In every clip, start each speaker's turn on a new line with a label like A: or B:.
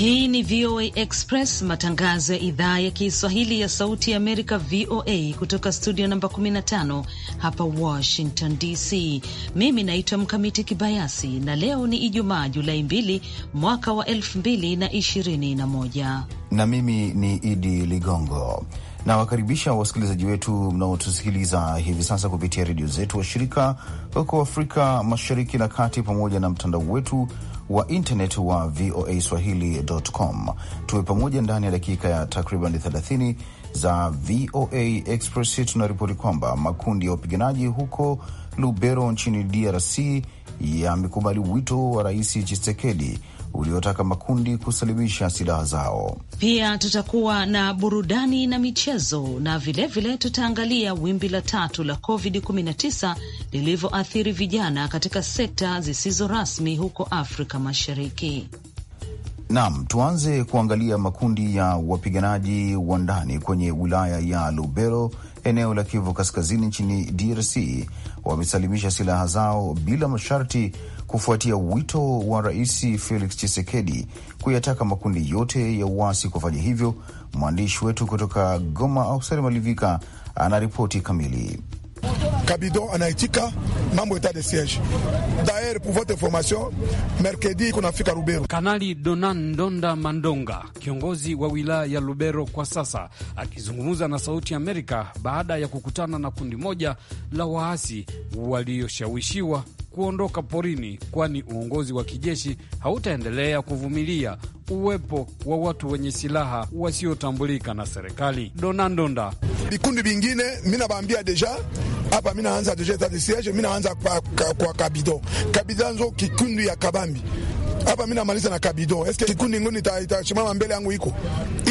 A: Hii ni VOA Express, matangazo ya idhaa ya Kiswahili ya Sauti ya Amerika, VOA, kutoka studio namba 15 hapa Washington DC. Mimi naitwa Mkamiti Kibayasi na leo ni Ijumaa, Julai 2 mwaka wa 2021
B: na mimi ni Idi Ligongo. Nawakaribisha wasikilizaji wetu mnaotusikiliza hivi sasa kupitia redio zetu washirika huko Afrika Mashariki na Kati, pamoja na mtandao wetu wa internet wa VOA Swahili.com. Tuwe pamoja ndani ya dakika ya takriban 30 za VOA Express. Tunaripoti kwamba makundi ya wapiganaji huko Lubero nchini DRC yamekubali wito wa Rais Chisekedi uliotaka makundi kusalimisha silaha zao.
A: Pia tutakuwa na burudani na michezo na vilevile tutaangalia wimbi la tatu la COVID-19 lilivyoathiri vijana katika sekta zisizo rasmi huko Afrika Mashariki.
B: Naam, tuanze kuangalia makundi ya wapiganaji wa ndani kwenye wilaya ya Lubero eneo la Kivu Kaskazini nchini DRC wamesalimisha silaha zao bila masharti kufuatia wito wa Rais Felix Tshisekedi kuyataka makundi yote ya uasi kufanya hivyo. Mwandishi wetu kutoka Goma, Auseri Malivika, anaripoti kamili.
C: Kabido anaitika mambo etat de siege. D'ailleurs, pour votre information, mercredi kunafika Rubero.
D: Kanali Donan Ndonda Mandonga, kiongozi wa wilaya ya Rubero kwa sasa, akizungumza na Sauti Amerika baada ya kukutana na kundi moja la waasi walioshawishiwa kuondoka porini, kwani uongozi wa kijeshi hautaendelea kuvumilia uwepo wa watu wenye silaha wasiotambulika na serikali. Donandonda
E: vikundi vingine, mimi nabaambia deja hapa, mimi naanza deja etat de siege, mimi naanza
C: kwa, kwa, kwa kabido kabido nzo kikundi ya kabambi hapa mimi namaliza na kabido. Eske kikundi ngoni itashimama mbele yangu iko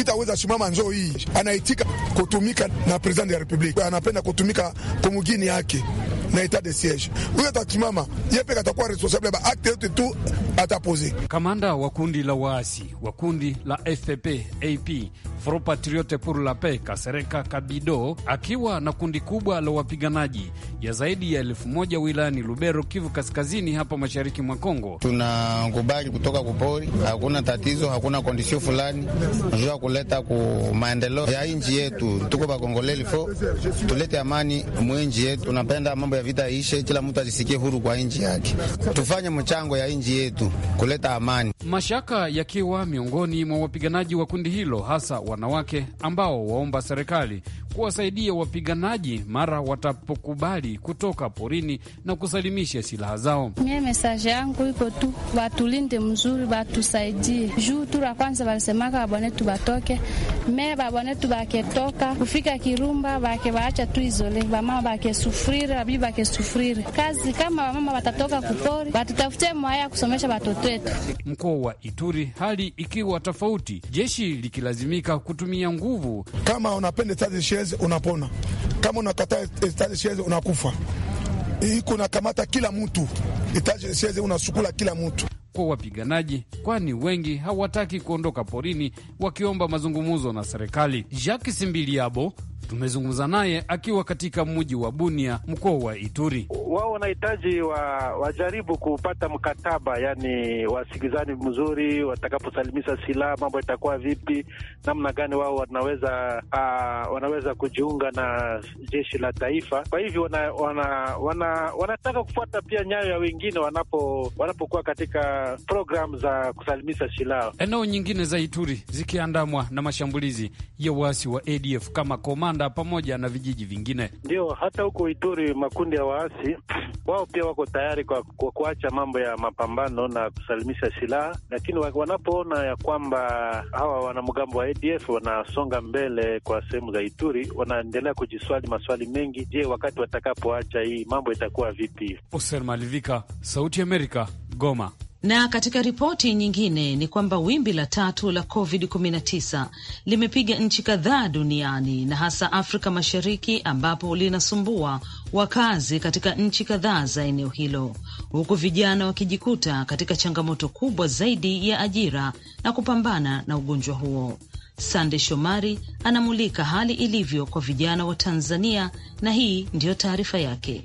C: itaweza shimama? Njo hii anaitika kutumika na president ya republique, anapenda kutumika kumugini yake na etat de siege. Huyo atasimama yeye pekee atakuwa responsable ba acte yote tu atapose.
D: Kamanda wa kundi la waasi wa kundi la FPP AP Front Patriote pour la Paix Kasereka Kabido akiwa na kundi kubwa la wapiganaji ya zaidi ya elfu moja wilayani Lubero, Kivu Kaskazini, hapa mashariki mwa Kongo. Tunakubali kutoka kupori, hakuna tatizo, hakuna kondisio fulani jua kuleta ku maendeleo ya nchi yetu.
B: Tuko fo tulete amani mwenji yetu. Tunapenda mambo ya vita ishe, kila mtu ajisikie huru kwa nchi yake, tufanye mchango ya nchi yetu kuleta amani.
D: Mashaka yakiwa miongoni mwa wapiganaji wa kundi hilo hasa wanawake ambao waomba serikali kuwasaidia wapiganaji mara watapokubali kutoka porini na kusalimisha silaha zao.
F: Mie mesaje yangu iko tu batulinde mzuri, batusaidie juu tu la kwanza walisemaka wabwanetu batoke me wabwanetu baketoka kufika Kirumba bake tu izole wamama bakesufrire abii bakesufrire kazi kama wamama watatoka kupori batutafutie mwaya kusomesha watoto wetu.
D: Mkoa wa Ituri hali ikiwa tofauti, jeshi likilazimika kutumia nguvu kama unapende
C: tazishe siezi unapona, kama unakataa etage siezi unakufa. Iko kamata
D: kila mtu etage siezi unasukula kila mtu kwa wapiganaji, kwani wengi hawataki kuondoka porini wakiomba mazungumzo na serikali. Jacques Simbiliabo Tumezungumza naye akiwa katika mji wa Bunia, mkoa wa Ituri. Wao
C: wanahitaji wa, wajaribu kupata mkataba, yani wasikizani mzuri, watakaposalimisha silaha mambo itakuwa vipi, namna gani wao wanaweza uh, wanaweza kujiunga na jeshi la taifa. Kwa hivyo wana, wana, wana, wanataka kufuata pia nyayo ya wengine wanapo wanapokuwa katika programu za kusalimisha
D: silaha. Eneo nyingine za Ituri zikiandamwa na mashambulizi ya waasi wa ADF kama Uganda pamoja na vijiji vingine.
E: Ndio hata huko Ituri makundi ya waasi wao
C: pia wako tayari kwa, kwa kuacha mambo ya mapambano na kusalimisha silaha, lakini wanapoona ya kwamba hawa wanamgambo wa ADF wanasonga mbele kwa sehemu za Ituri, wanaendelea kujiswali maswali mengi. Je, wakati watakapoacha hii mambo itakuwa vipi?
D: Oser Malivika, Sauti ya Amerika, Goma.
A: Na katika ripoti nyingine ni kwamba wimbi la tatu la COVID-19 limepiga nchi kadhaa duniani na hasa Afrika Mashariki ambapo linasumbua wakazi katika nchi kadhaa za eneo hilo, huku vijana wakijikuta katika changamoto kubwa zaidi ya ajira na kupambana na ugonjwa huo. Sande Shomari anamulika hali ilivyo kwa vijana wa Tanzania na hii ndiyo taarifa yake.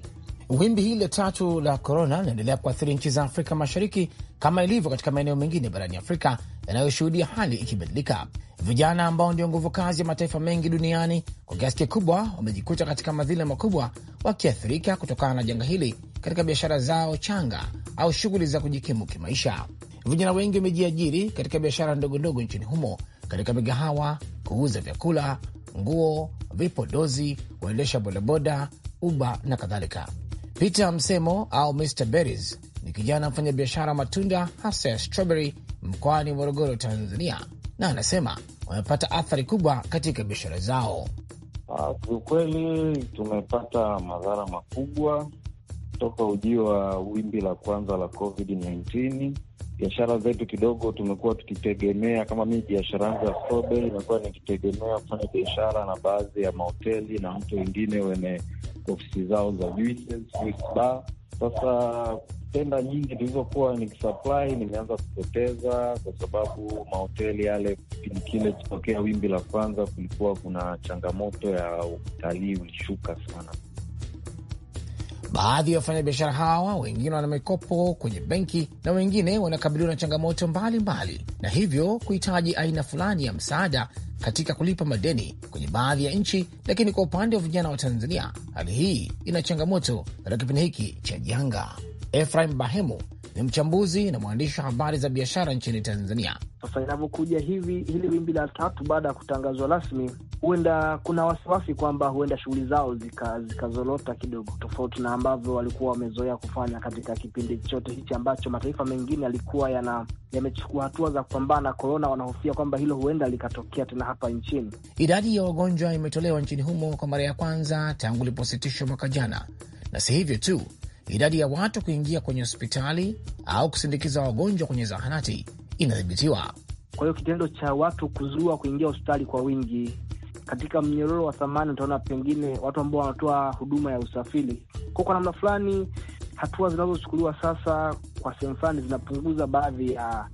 G: Wimbi hili la tatu la korona linaendelea kuathiri nchi za Afrika Mashariki kama ilivyo katika maeneo mengine barani Afrika yanayoshuhudia hali ikibadilika. Vijana ambao ndio nguvu kazi ya mataifa mengi duniani kwa kiasi kikubwa wamejikuta katika madhila makubwa, wakiathirika kutokana na janga hili katika biashara zao changa au shughuli za kujikimu kimaisha. Vijana wengi wamejiajiri katika biashara ndogondogo nchini humo, katika migahawa, kuuza vyakula, nguo, vipodozi, waendesha bodaboda, uba na kadhalika. Peter Msemo au Mr Berries ni kijana biashara wa matunda hasa ya strawberry mkoani Morogoro, Tanzania, na anasema wamepata athari kubwa katika biashara zao.
D: Ah, kiukweli tumepata madhara makubwa toka ujio wa wimbi la kwanza la COVID-19. Biashara zetu kidogo tumekuwa tukitegemea, kama mii biashara yangu ya strawberry imekuwa nikitegemea kufanya biashara na baadhi ya mahoteli na mtu wengine wenye ofisi zao za juices, bar. Sasa tenda nyingi tulizokuwa nikisupply nimeanza kupoteza, kwa sababu mahoteli yale, kipindi kile kutokea wimbi la kwanza, kulikuwa kuna changamoto
A: ya utalii ulishuka sana
G: Baadhi ya wafanyabiashara hawa wengine wana mikopo kwenye benki na wengine wanakabiliwa na changamoto mbalimbali mbali, na hivyo kuhitaji aina fulani ya msaada katika kulipa madeni kwenye baadhi ya nchi. Lakini kwa upande wa vijana wa Tanzania, hali hii ina changamoto katika kipindi hiki cha janga. Efraim Bahemu ni mchambuzi na mwandishi wa habari za biashara nchini Tanzania. Sasa inavyokuja hivi hili wimbi la tatu baada ya kutangazwa rasmi huenda kuna wasiwasi kwamba huenda shughuli zao zikazorota zika kidogo, tofauti na ambavyo walikuwa wamezoea kufanya katika kipindi chote hichi ambacho mataifa mengine yalikuwa yana yamechukua hatua za kupambana na korona. Wanahofia kwamba hilo huenda likatokea tena hapa nchini. Idadi ya wagonjwa imetolewa nchini humo kwa mara ya kwanza tangu ilipositishwa mwaka jana, na si hivyo tu, idadi ya watu kuingia kwenye hospitali au kusindikiza wagonjwa kwenye zahanati inadhibitiwa. Kwa hiyo kitendo cha watu kuzuua kuingia hospitali kwa wingi katika mnyororo wa thamani, utaona pengine watu ambao wanatoa huduma ya usafiri kwa kwa namna fulani, hatua zinazochukuliwa sasa kwa sehemu fulani zinapunguza baadhi ya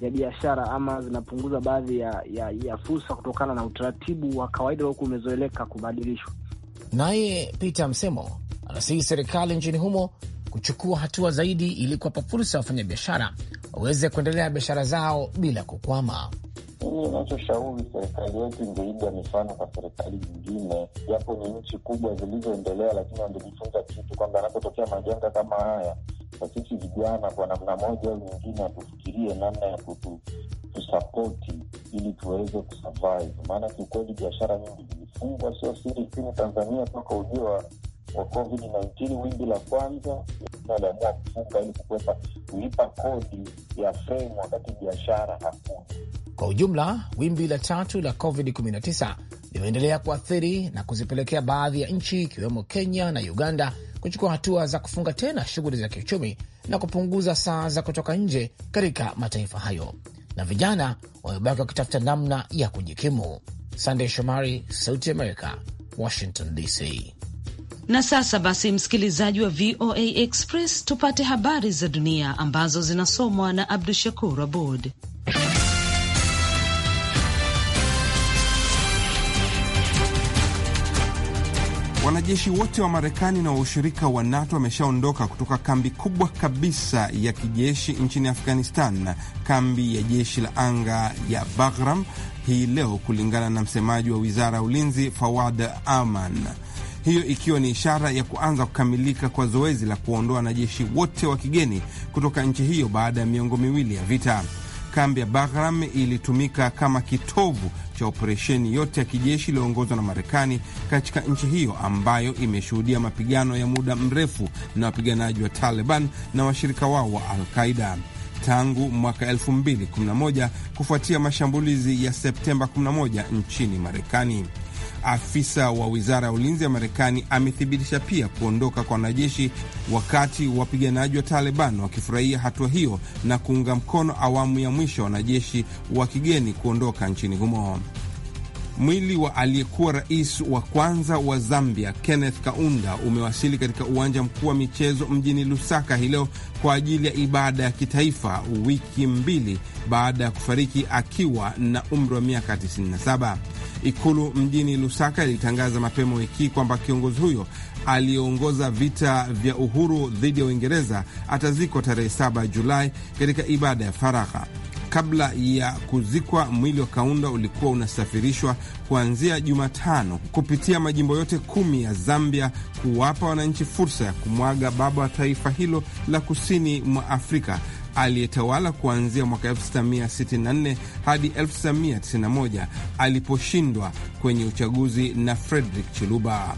G: ya biashara ama zinapunguza baadhi ya, ya, ya fursa kutokana na utaratibu wa kawaida huku umezoeleka kubadilishwa. Naye Peter Msemo anasihi serikali nchini humo kuchukua hatua zaidi ili kuwapa fursa ya wafanyabiashara waweze kuendelea biashara zao bila kukwama.
H: Mimi inachoshauri serikali yetu ingeiga mifano kwa serikali nyingine, japo ni nchi kubwa zilizoendelea, lakini wangejifunza kitu kwamba anapotokea majanga kama haya, kwa sisi vijana, kwa namna moja au nyingine, atufikirie namna ya kutu tusapoti ili tuweze kusurvive, maana kiukweli biashara nyingi zilifungwa, sio siri nchini Tanzania toka ujio wa wa COVID-19 wimbi la kwanza, waliamua kufunga ili kukwepa kulipa kodi ya fremu wakati biashara hakuna.
G: Kwa ujumla, wimbi la tatu la COVID-19 limeendelea kuathiri na kuzipelekea baadhi ya nchi ikiwemo Kenya na Uganda kuchukua hatua za kufunga tena shughuli za kiuchumi na kupunguza saa za kutoka nje katika mataifa hayo, na vijana wamebaki wakitafuta namna ya kujikimu. Sandey Shomari, Sauti America, Washington DC.
A: Na sasa basi, msikilizaji wa VOA Express, tupate habari za dunia ambazo zinasomwa na Abdu Shakur Abud.
H: Wanajeshi wote wa Marekani na waushirika wa NATO wameshaondoka kutoka kambi kubwa kabisa ya kijeshi nchini Afghanistan, kambi ya jeshi la anga ya Bagram hii leo, kulingana na msemaji wa wizara ya ulinzi Fawad Aman hiyo ikiwa ni ishara ya kuanza kukamilika kwa zoezi la kuondoa wanajeshi wote wa kigeni kutoka nchi hiyo baada ya miongo miwili ya vita. Kambi ya Bagram ilitumika kama kitovu cha operesheni yote ya kijeshi iliyoongozwa na Marekani katika nchi hiyo ambayo imeshuhudia mapigano ya muda mrefu na wapiganaji wa Taliban na washirika wao wa alqaida tangu mwaka 2011 kufuatia mashambulizi ya Septemba 11 nchini Marekani. Afisa wa wizara ya ulinzi ya Marekani amethibitisha pia kuondoka kwa wanajeshi, wakati wapiganaji wa Taliban wakifurahia hatua hiyo na kuunga mkono awamu ya mwisho wanajeshi wa kigeni kuondoka nchini humo. Mwili wa aliyekuwa rais wa kwanza wa Zambia Kenneth Kaunda umewasili katika uwanja mkuu wa michezo mjini Lusaka hii leo kwa ajili ya ibada ya kitaifa, wiki mbili baada ya kufariki akiwa na umri wa miaka 97. Ikulu mjini Lusaka ilitangaza mapema wiki kwamba kiongozi huyo aliyeongoza vita vya uhuru dhidi ya Uingereza atazikwa tarehe 7 Julai katika ibada ya faragha kabla ya kuzikwa. Mwili wa Kaunda ulikuwa unasafirishwa kuanzia Jumatano kupitia majimbo yote kumi ya Zambia, kuwapa wananchi fursa ya kumwaga baba wa taifa hilo la kusini mwa Afrika aliyetawala kuanzia mwaka 1964 hadi 1991 aliposhindwa kwenye uchaguzi na Frederick Chiluba.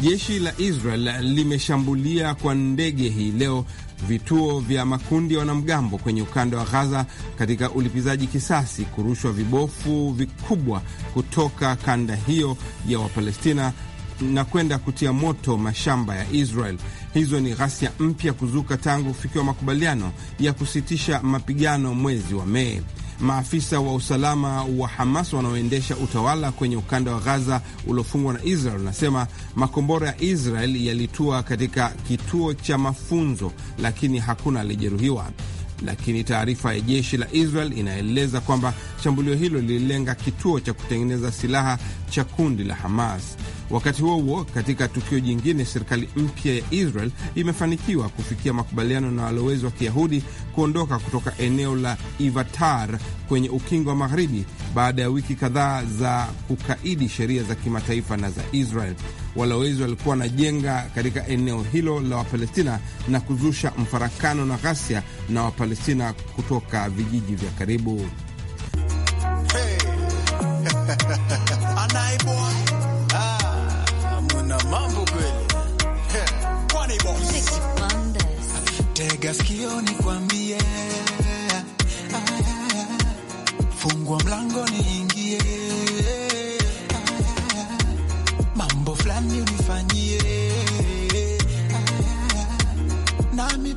H: Jeshi la Israel limeshambulia kwa ndege hii leo vituo vya makundi ya wanamgambo kwenye ukanda wa Ghaza katika ulipizaji kisasi, kurushwa vibofu vikubwa kutoka kanda hiyo ya Wapalestina na kwenda kutia moto mashamba ya Israel. Hizo ni ghasia mpya kuzuka tangu kufikiwa makubaliano ya kusitisha mapigano mwezi wa Mei. Maafisa wa usalama wa Hamas wanaoendesha utawala kwenye ukanda wa Gaza uliofungwa na Israel wanasema makombora ya Israel yalitua katika kituo cha mafunzo, lakini hakuna alijeruhiwa. Lakini taarifa ya jeshi la Israel inaeleza kwamba shambulio hilo lililenga kituo cha kutengeneza silaha cha kundi la Hamas. Wakati huo huo, katika tukio jingine, serikali mpya ya Israel imefanikiwa kufikia makubaliano na walowezi wa Kiyahudi kuondoka kutoka eneo la Ivatar kwenye ukingo wa Magharibi baada ya wiki kadhaa za kukaidi sheria za kimataifa na za Israel. Walowezi walikuwa wanajenga katika eneo hilo la Wapalestina na kuzusha mfarakano na ghasia na Wapalestina kutoka vijiji vya karibu.
E: Tega sikio nikwambie, fungua mlango niingie, mambo fulani unifanyie nami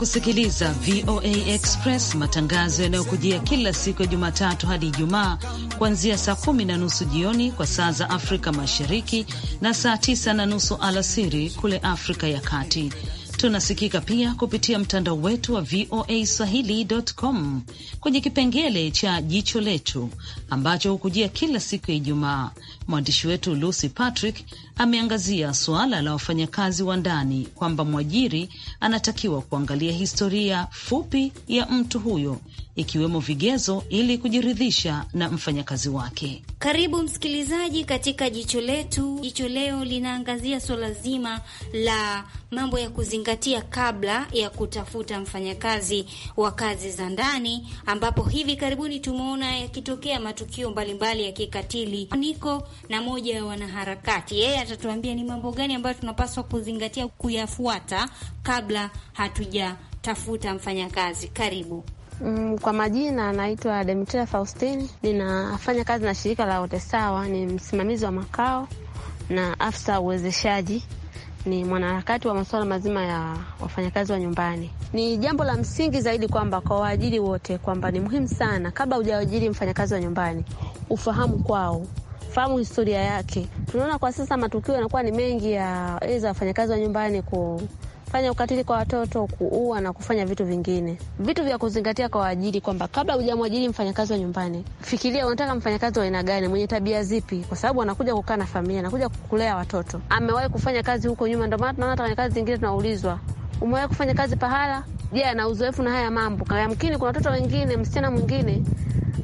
A: kusikiliza VOA Express, matangazo yanayokujia kila siku ya Jumatatu hadi Ijumaa kuanzia saa kumi na nusu jioni kwa saa za Afrika Mashariki na saa tisa na nusu alasiri kule Afrika ya Kati. Tunasikika pia kupitia mtandao wetu wa VOA Swahili.com kwenye kipengele cha jicho letu ambacho hukujia kila siku ya Ijumaa. Mwandishi wetu Lucy Patrick ameangazia suala la wafanyakazi wa ndani kwamba mwajiri anatakiwa kuangalia historia fupi ya mtu huyo ikiwemo vigezo ili kujiridhisha na mfanyakazi wake.
F: Karibu msikilizaji katika jicho letu. Jicho leo linaangazia suala zima la mambo ya kuzingatia kabla ya kutafuta mfanyakazi wa kazi za ndani, ambapo hivi karibuni tumeona yakitokea matukio mbalimbali ya kikatili. Niko na moja ya wanaharakati, yeye atatuambia ni mambo gani ambayo tunapaswa kuzingatia kuyafuata kabla hatuja tafuta mfanyakazi. Karibu. Mm, kwa majina anaitwa Demetria Faustini, ninafanya kazi na shirika la sawa ni msimamizi wa makao na afisa uwezeshaji ni mwanaharakati wa masuala mazima ya wafanyakazi wa nyumbani. Ni jambo la msingi zaidi kwamba kwa waajiri wote kwamba ni muhimu sana, kabla hujaajiri mfanyakazi wa nyumbani, ufahamu kwao, fahamu historia yake. Tunaona kwa sasa matukio yanakuwa ni mengi ya eza wafanyakazi wa nyumbani ku kufanya ukatili kwa watoto, kuua na kufanya vitu vingine. Vitu vya kuzingatia kwa waajiri kwamba kabla hujamwajiri mfanyakazi wa nyumbani, fikiria unataka mfanyakazi wa aina gani, mwenye tabia zipi, kwa sababu anakuja kukaa na familia, anakuja kulea watoto, amewahi kufanya kazi huko nyuma. Ndio maana tunaona hata kwenye kazi zingine tunaulizwa, umewahi kufanya kazi pahala? Je, yeah, ana uzoefu na haya mambo? Kayamkini kuna watoto wengine, msichana mwingine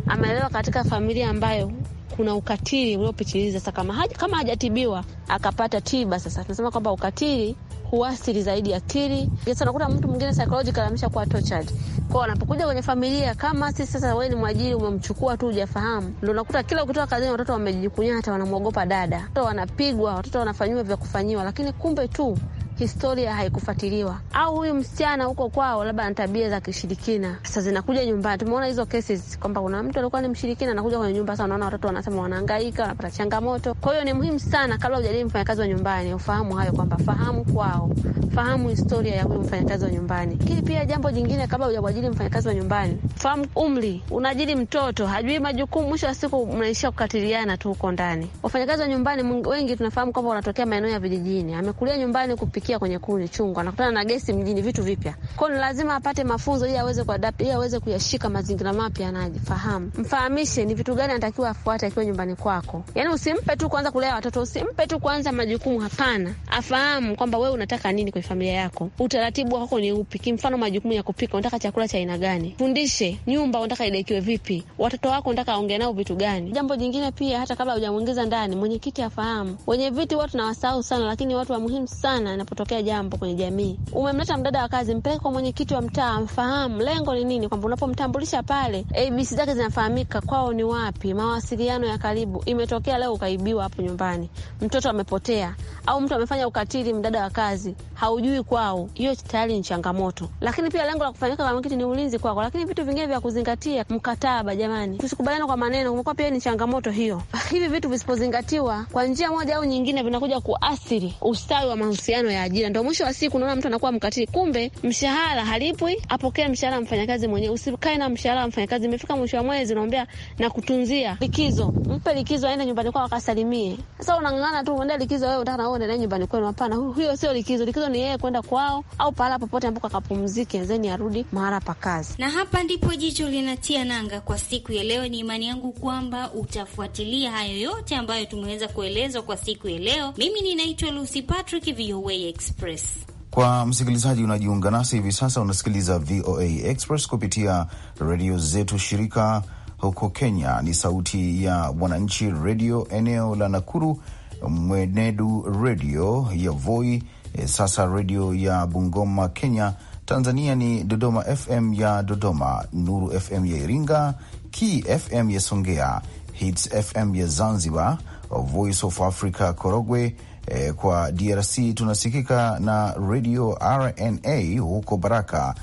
F: amelewa katika familia ambayo kuna ukatili uliopitiliza. Sasa kama hajatibiwa akapata tiba, sasa tunasema kwamba ukatili huathiri zaidi akili. Sasa unakuta mtu mwingine psychological ameshakuwa tortured kwao, anapokuja kwenye familia kama sisi. Sasa wewe ni mwajiri, umemchukua tu hujafahamu, ndo unakuta kila ukitoka kazini watoto wamejikunya, hata wanamwogopa dada, watoto wanapigwa, watoto wanafanyiwa vya kufanyiwa, lakini kumbe tu historia haikufuatiliwa, au huyu msichana huko kwao labda ana tabia za kishirikina. Sasa zinakuja nyumbani, tumeona hizo cases kwamba kuna mtu alikuwa ni mshirikina anakuja kwenye nyumba, sasa unaona watoto wanasema wanahangaika, wanapata changamoto. Kwa hiyo ni muhimu sana, kabla ujadili mfanyakazi wa nyumbani, ufahamu hayo kwamba fahamu kwao fahamu historia ya huyu mfanyakazi wa nyumbani. Lakini pia jambo jingine, kabla hujakuajiri mfanyakazi wa nyumbani, fahamu umri. Unaajiri mtoto, hajui majukumu, mwisho wa siku mnaishia kukatiliana tu huko ndani. Wafanyakazi wa nyumbani wengi tunafahamu kwamba wanatokea maeneo ya vijijini, amekulia nyumbani kupikia kwenye kuni chungu, anakutana na gesi mjini, vitu vipya kwao, ni lazima apate mafunzo ili aweze kuadapt, ili aweze kuyashika mazingira mapya, anajifahamu. Mfahamishe ni vitu gani anatakiwa afuate akiwa nyumbani kwako, Yani usimpe tu kuanza kulea watoto, usimpe tu kuanza majukumu, hapana. Afahamu kwamba wewe unataka nini kwe familia yako, utaratibu wako ni upi? Kimfano, majukumu ya kupika, unataka chakula cha aina gani? Fundishe nyumba, unataka idekiwe vipi? Watoto wako unataka aongee nao vitu gani? Jambo jingine pia, hata kabla hujamwingiza ndani, mwenyekiti afahamu, wenye viti watu nawasahau sana, lakini watu wa muhimu sana inapotokea jambo kwenye jamii. Umemleta mdada wa kazi, mpeleke kwa mwenyekiti wa mtaa, amfahamu lengo ni nini, kwamba unapomtambulisha pale abc zake zinafahamika, kwao ni wapi, mawasiliano ya karibu. Imetokea leo ukaibiwa hapo nyumbani, mtoto amepotea, au mtu amefanya ukatili, mdada wa kazi hau haujui kwao, hiyo tayari ni changamoto. Lakini pia lengo la kufanyika kama kiti ni ulinzi kwako, lakini vitu vingine vya kuzingatia mkataba, jamani, tusikubaliana kwa maneno, kumekuwa pia ni changamoto hiyo. Hivi vitu visipozingatiwa kwa njia moja au nyingine, vinakuja kuathiri ustawi wa mahusiano ya ajira. Ndo mwisho wa siku unaona mtu anakuwa mkatili, kumbe mshahara halipwi, apokee mshahara mfanyakazi mwenyewe. Usikae na mshahara wa mfanyakazi, imefika mwisho wa mwezi naombea na kutunzia likizo, mpe likizo, aende nyumbani kwao akasalimie. Sasa unang'ang'ana tu, unaenda likizo, wewe utaka na wewe nyumbani kwenu? Hapana, hiyo sio likizo. Likizo ni yeye kwenda kwao au pahala popote ambapo akapumzike, zeni arudi mahala pa kazi. Na hapa ndipo jicho linatia nanga kwa siku ya leo. Ni imani yangu kwamba utafuatilia hayo yote ambayo tumeweza kuelezwa kwa siku ya leo. Mimi ninaitwa Lucy Patrick, VOA Express.
B: Kwa msikilizaji unajiunga nasi hivi sasa, unasikiliza VOA Express kupitia redio zetu shirika. Huko Kenya ni Sauti ya Wananchi redio eneo la Nakuru, Mwenedu redio ya Voi e, sasa redio ya Bungoma Kenya. Tanzania ni Dodoma FM ya Dodoma, Nuru FM ya Iringa, Ki FM ya Songea, Hits FM ya Zanzibar, Voice of Africa Korogwe. E, kwa DRC tunasikika na redio RNA huko Baraka,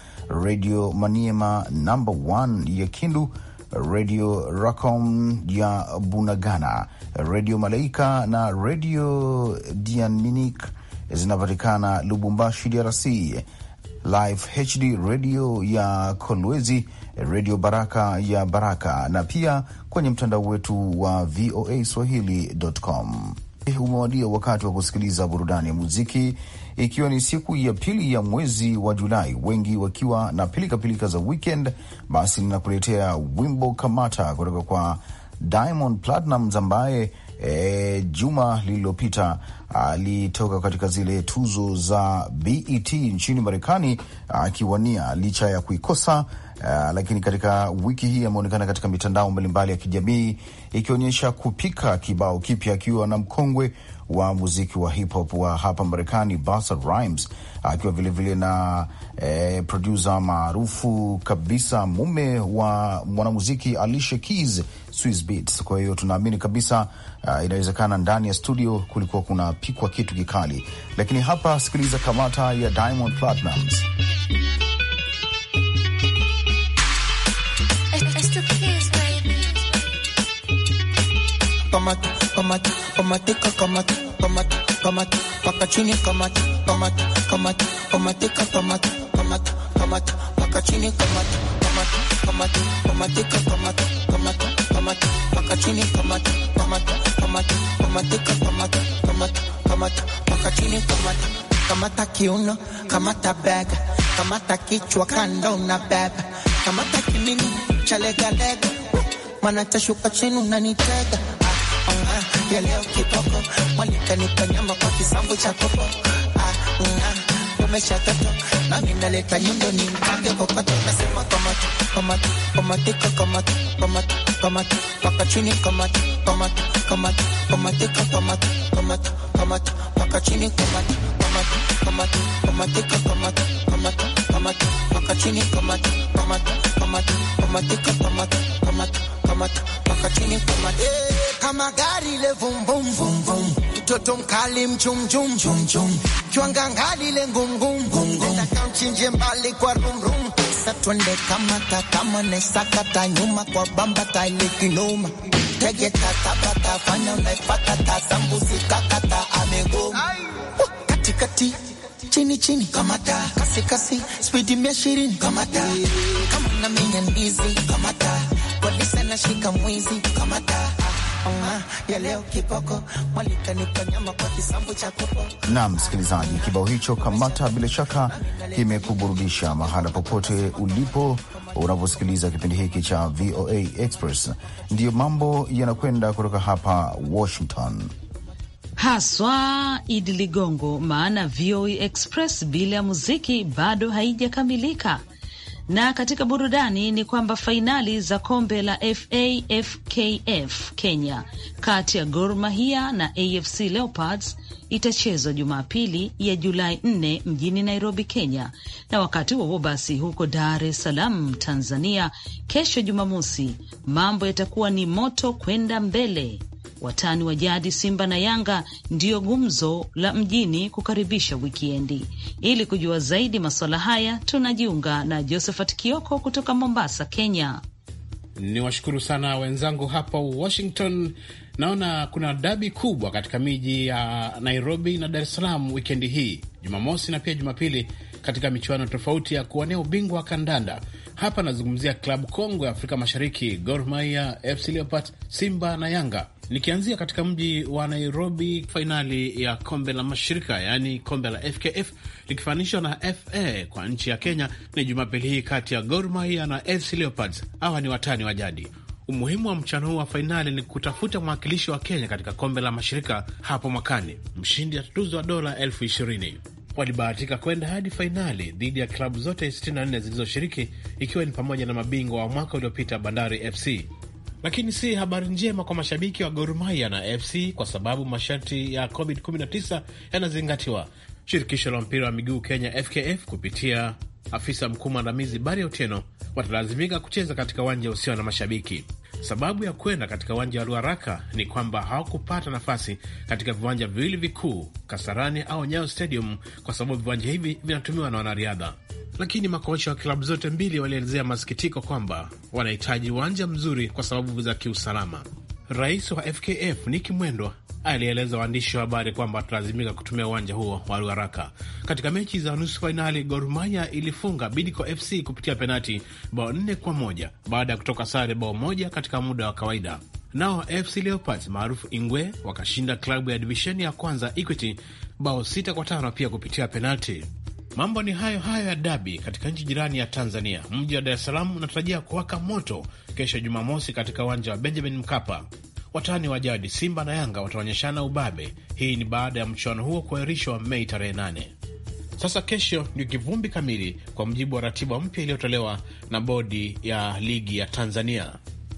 B: redio Maniema namba 1 ya Kindu, redio Racom ya Bunagana, redio Malaika na redio Diaminike zinapatikana Lubumbashi, DRC, Live HD redio ya Kolwezi, redio Baraka ya Baraka, na pia kwenye mtandao wetu wa VOA Swahili.com. Umewadia wakati wa kusikiliza burudani ya muziki, ikiwa ni siku ya pili ya mwezi wa Julai, wengi wakiwa na pilikapilika -pilika za weekend. Basi ninakuletea wimbo Kamata kutoka kwa Diamond Platnumz ambaye e, juma lililopita alitoka katika zile tuzo za BET nchini Marekani akiwania licha ya kuikosa Uh, lakini katika wiki hii ameonekana katika mitandao mbalimbali ya kijamii ikionyesha kupika kibao kipya akiwa na mkongwe wa muziki wa hip hop wa hapa Marekani, Busta Rhymes akiwa vilevile na eh, produsa maarufu kabisa mume wa mwanamuziki Alicia Keys, Swizz Beatz. Kwa hiyo tunaamini kabisa uh, inawezekana ndani ya studio kulikuwa kuna pikwa kitu kikali, lakini hapa, sikiliza kamata ya Diamond Platnumz
I: kamata kamateka kamata kamata kamata paka chini kamata kamata kamata kamateka kamata kamata kamata paka chini kamata kamata kamata kamateka kamata kamata kamata paka chini kamata kamata kamata kamateka kamata kamata kamata paka chini kamata kamata kiuno kamata bega kamata kichwa kanda una beba kamata kimini cha legalega mana tashuka chini unanitega ya leo kipoko mwanikanipa nyama kwa kisambu cha kopo umesha toto nami naleta nyundo ni mpange kokoto nasema komato komato komatiko komato komato komato paka chini komato komato komato komatiko komato komato komato paka chini komato komato komato komatiko komato komato komato paka chini komato komato komato komatiko komato komato komato paka chini komato kama gari le vum vum vum vum, mtoto mkali mchum chum chum chum, chwanga ngali le ngum ngum ngum ngum, nataka mchinje mbali kwa rum rum, satwende kama ta kama ne sakata nyuma kwa bamba ta taili kinoma tege ta ta ta fanya na pata ta unaipata tasambuzi amego kati kati chini chini kama ta kasi kasi speed spidi mia kama ta kama na minya ndizi kamata polisi anashika mwizi ta Ah,
B: Naam, msikilizaji, kibao hicho kamata, bila shaka kimekuburudisha mahala popote ulipo unaposikiliza kipindi hiki cha VOA Express. Ndiyo mambo yanakwenda kutoka hapa Washington
A: haswa Idi Ligongo, maana VOA Express bila ya muziki bado haijakamilika. Na katika burudani ni kwamba fainali za kombe la FAFKF Kenya kati ya Gor Mahia na AFC Leopards itachezwa Jumapili ya Julai 4 mjini Nairobi, Kenya. Na wakati huo basi, huko Dar es Salaam, Tanzania, kesho Jumamosi, mambo yatakuwa ni moto kwenda mbele. Watani wa jadi Simba na Yanga ndiyo gumzo la mjini kukaribisha wikendi. Ili kujua zaidi masuala haya, tunajiunga na Josephat Kioko kutoka Mombasa, Kenya.
C: Ni washukuru sana wenzangu hapa Washington. Naona kuna dabi kubwa katika miji ya Nairobi na Dar es Salaam wikendi hii, Jumamosi na pia Jumapili, katika michuano tofauti ya kuwania ubingwa wa kandanda. Hapa nazungumzia klabu kongwe ya Afrika Mashariki, Gor Mahia, FC Leopards, Simba na Yanga Nikianzia katika mji wa Nairobi, fainali ya kombe la mashirika yaani kombe la FKF likifananishwa na FA kwa nchi ya Kenya ni Jumapili hii kati ya Gor Mahia na fc Leopards. Hawa ni watani wa jadi. Umuhimu wa mchano huu wa fainali ni kutafuta mwakilishi wa Kenya katika kombe la mashirika hapo mwakani. Mshindi atatuzwa dola elfu ishirini. Walibahatika kwenda hadi fainali dhidi ya klabu zote 64 zilizoshiriki ikiwa ni pamoja na mabingwa wa mwaka uliopita Bandari FC lakini si habari njema kwa mashabiki wa Gor Mahia na FC kwa sababu masharti ya COVID-19 yanazingatiwa. Shirikisho la mpira wa miguu Kenya FKF kupitia afisa mkuu mwandamizi Bari Otieno watalazimika kucheza katika uwanja usio na mashabiki. Sababu ya kwenda katika uwanja wa Ruaraka ni kwamba hawakupata nafasi katika viwanja viwili vikuu, Kasarani au Nyayo Stadium, kwa sababu viwanja hivi vinatumiwa na wanariadha. Lakini makocha wa klabu zote mbili walielezea masikitiko kwamba wanahitaji uwanja mzuri kwa sababu za kiusalama. Rais wa FKF Niki Mwendwa alieleza waandishi wa habari kwamba atalazimika kutumia uwanja huo wa Ruaraka. Katika mechi za nusu fainali, Gor Mahia ilifunga Bidco FC kupitia penati bao nne kwa moja baada ya kutoka sare bao moja katika muda wa kawaida. Nao FC Leopards maarufu Ingwe wakashinda klabu ya divisheni ya kwanza Equity bao sita kwa tano pia kupitia penalti. Mambo ni hayo hayo ya dabi katika nchi jirani ya Tanzania. Mji wa Dar es Salaam unatarajia kuwaka moto kesho Jumamosi katika uwanja wa Benjamin Mkapa Watani wa jadi Simba na Yanga wataonyeshana ubabe. Hii ni baada ya mchuano huo kuahirishwa Mei tarehe 8. Sasa kesho ndio kivumbi kamili, kwa mujibu wa ratiba mpya iliyotolewa na bodi ya ligi ya Tanzania.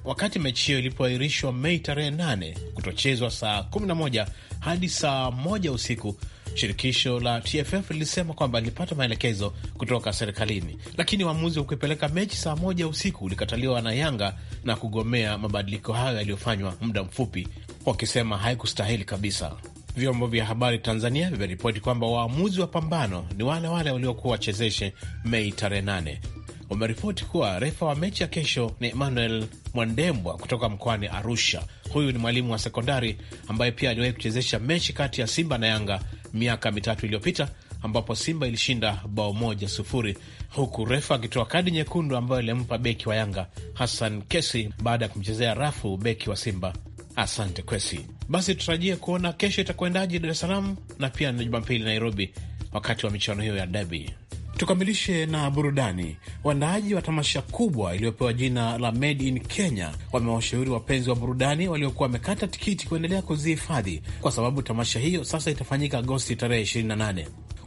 C: Wakati mechi hiyo ilipoahirishwa Mei tarehe 8 kutochezwa saa 11 hadi saa 1 usiku Shirikisho la TFF lilisema kwamba lilipata maelekezo kutoka serikalini, lakini uamuzi wa kuipeleka mechi saa moja usiku ulikataliwa na Yanga na kugomea mabadiliko hayo yaliyofanywa muda mfupi, wakisema haikustahili kabisa. Vyombo vya habari Tanzania vimeripoti kwamba waamuzi wa pambano ni wale wale waliokuwa wachezeshe Mei tarehe 8. Wameripoti kuwa refa wa mechi ya kesho ni Emmanuel Mwandembwa kutoka mkoani Arusha. Huyu ni mwalimu wa sekondari ambaye pia aliwahi kuchezesha mechi kati ya Simba na Yanga miaka mitatu iliyopita ambapo Simba ilishinda bao moja sufuri huku refa akitoa kadi nyekundu ambayo ilimpa beki wa Yanga Hassan Kesi baada ya kumchezea rafu beki wa Simba Asante Kwesi. Basi tutarajie kuona kesho itakwendaje Dar es Salaam na pia na Jumapili Nairobi, wakati wa michuano hiyo ya debi Tukamilishe na burudani. Waandaaji wa tamasha kubwa iliyopewa jina la Made in Kenya wamewashauri wapenzi wa burudani waliokuwa wamekata tikiti kuendelea kuzihifadhi kwa sababu tamasha hiyo sasa itafanyika Agosti tarehe 28.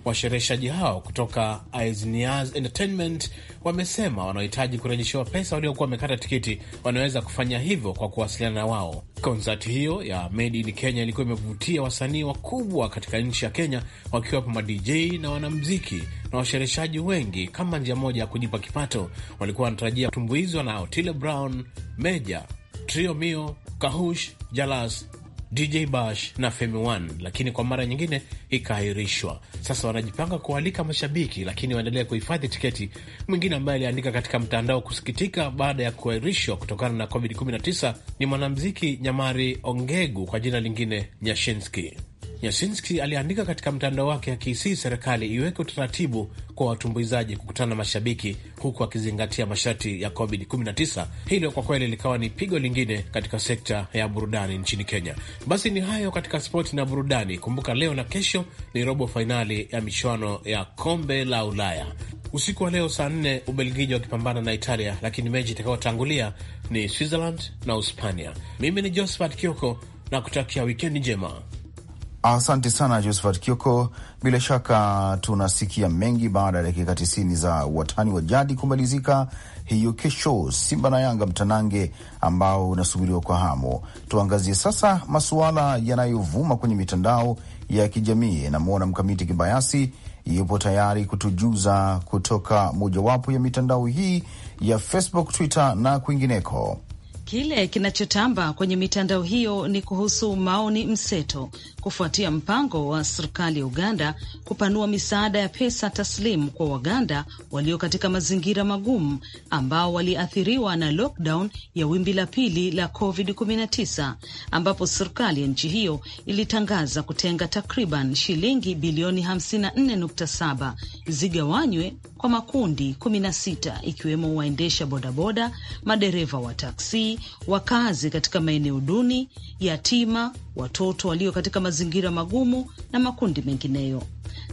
C: Washereheshaji hao kutoka Aisniaz Entertainment wamesema wanaohitaji kurejeshewa pesa waliokuwa wamekata tiketi wanaweza kufanya hivyo kwa kuwasiliana na wao. Konsati hiyo ya Made in Kenya ilikuwa imevutia wasanii wakubwa katika nchi ya Kenya, wakiwepo madj na wanamziki na washereheshaji wengi. Kama njia moja ya kujipa kipato, walikuwa wanatarajia tumbuizwa na Otile Brown, Meja, Trio Mio, Kahush, Jalas DJ Bash na Femi One, lakini kwa mara nyingine ikaahirishwa. Sasa wanajipanga kualika mashabiki, lakini waendelea kuhifadhi tiketi. Mwingine ambaye aliandika katika mtandao kusikitika baada ya kuahirishwa kutokana na COVID-19 ni mwanamziki Nyamari Ongegu, kwa jina lingine Nyashinski. Yasinski aliandika katika mtandao wake akiisii serikali iweke utaratibu kwa watumbuizaji kukutana na mashabiki huku akizingatia masharti ya COVID-19. Hilo kwa kweli likawa ni pigo lingine katika sekta ya burudani nchini Kenya. Basi ni hayo katika spoti na burudani. Kumbuka leo na kesho ni robo fainali ya michuano ya kombe la Ulaya. Usiku wa leo saa nne Ubelgiji wakipambana na Italia, lakini mechi itakayotangulia ni Switzerland na Uspania. Mimi ni Josephat Kioko na kutakia wikendi njema.
B: Asante sana Josephat Kioko. Bila shaka tunasikia mengi baada ya dakika tisini za watani wa jadi kumalizika hiyo kesho, Simba na Yanga mtanange ambao unasubiriwa kwa hamu. Tuangazie sasa masuala yanayovuma kwenye mitandao ya kijamii. Namwona Mkamiti Kibayasi yupo tayari kutujuza kutoka mojawapo ya mitandao hii ya Facebook, Twitter na kwingineko.
A: Kile kinachotamba kwenye mitandao hiyo ni kuhusu maoni mseto kufuatia mpango wa serikali ya Uganda kupanua misaada ya pesa taslimu kwa Waganda walio katika mazingira magumu ambao waliathiriwa na lockdown ya wimbi la pili la COVID-19, ambapo serikali ya nchi hiyo ilitangaza kutenga takriban shilingi bilioni 54.7 zigawanywe kwa makundi 16 ikiwemo waendesha bodaboda, madereva wa taksi, wakazi katika maeneo duni, yatima, watoto walio katika mazingira magumu na makundi mengineyo.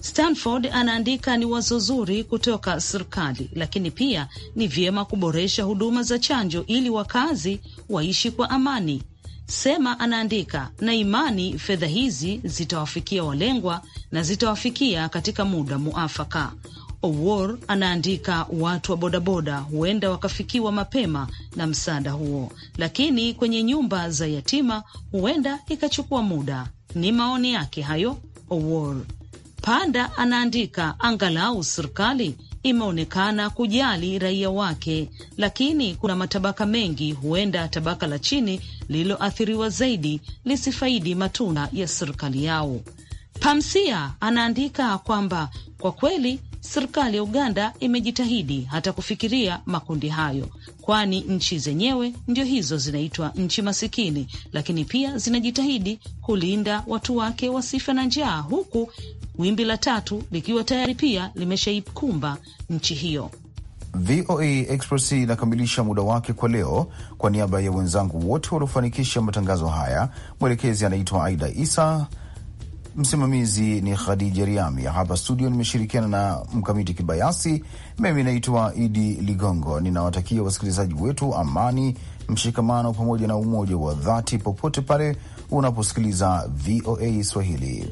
A: Stanford anaandika, ni wazo zuri kutoka serikali, lakini pia ni vyema kuboresha huduma za chanjo ili wakazi waishi kwa amani. Sema anaandika, na imani fedha hizi zitawafikia walengwa na zitawafikia katika muda muafaka. Owor anaandika watu wa bodaboda huenda wakafikiwa mapema na msaada huo, lakini kwenye nyumba za yatima huenda ikachukua muda. Ni maoni yake hayo Owor. Panda anaandika angalau serikali imeonekana kujali raia wake, lakini kuna matabaka mengi, huenda tabaka la chini lililoathiriwa zaidi lisifaidi matunda ya serikali yao. Pamsia anaandika kwamba kwa kweli serikali ya Uganda imejitahidi hata kufikiria makundi hayo, kwani nchi zenyewe ndio hizo zinaitwa nchi masikini, lakini pia zinajitahidi kulinda watu wake wasife na njaa, huku wimbi la tatu likiwa tayari pia limeshaikumba nchi hiyo.
B: VOA Express inakamilisha muda wake kwa leo. Kwa niaba ya wenzangu wote waliofanikisha matangazo haya, mwelekezi anaitwa Aida Isa. Msimamizi ni Khadija Riami. Hapa studio nimeshirikiana na Mkamiti Kibayasi. Mimi naitwa Idi Ligongo, ninawatakia wasikilizaji wetu amani, mshikamano pamoja na umoja wa dhati popote pale unaposikiliza VOA Swahili.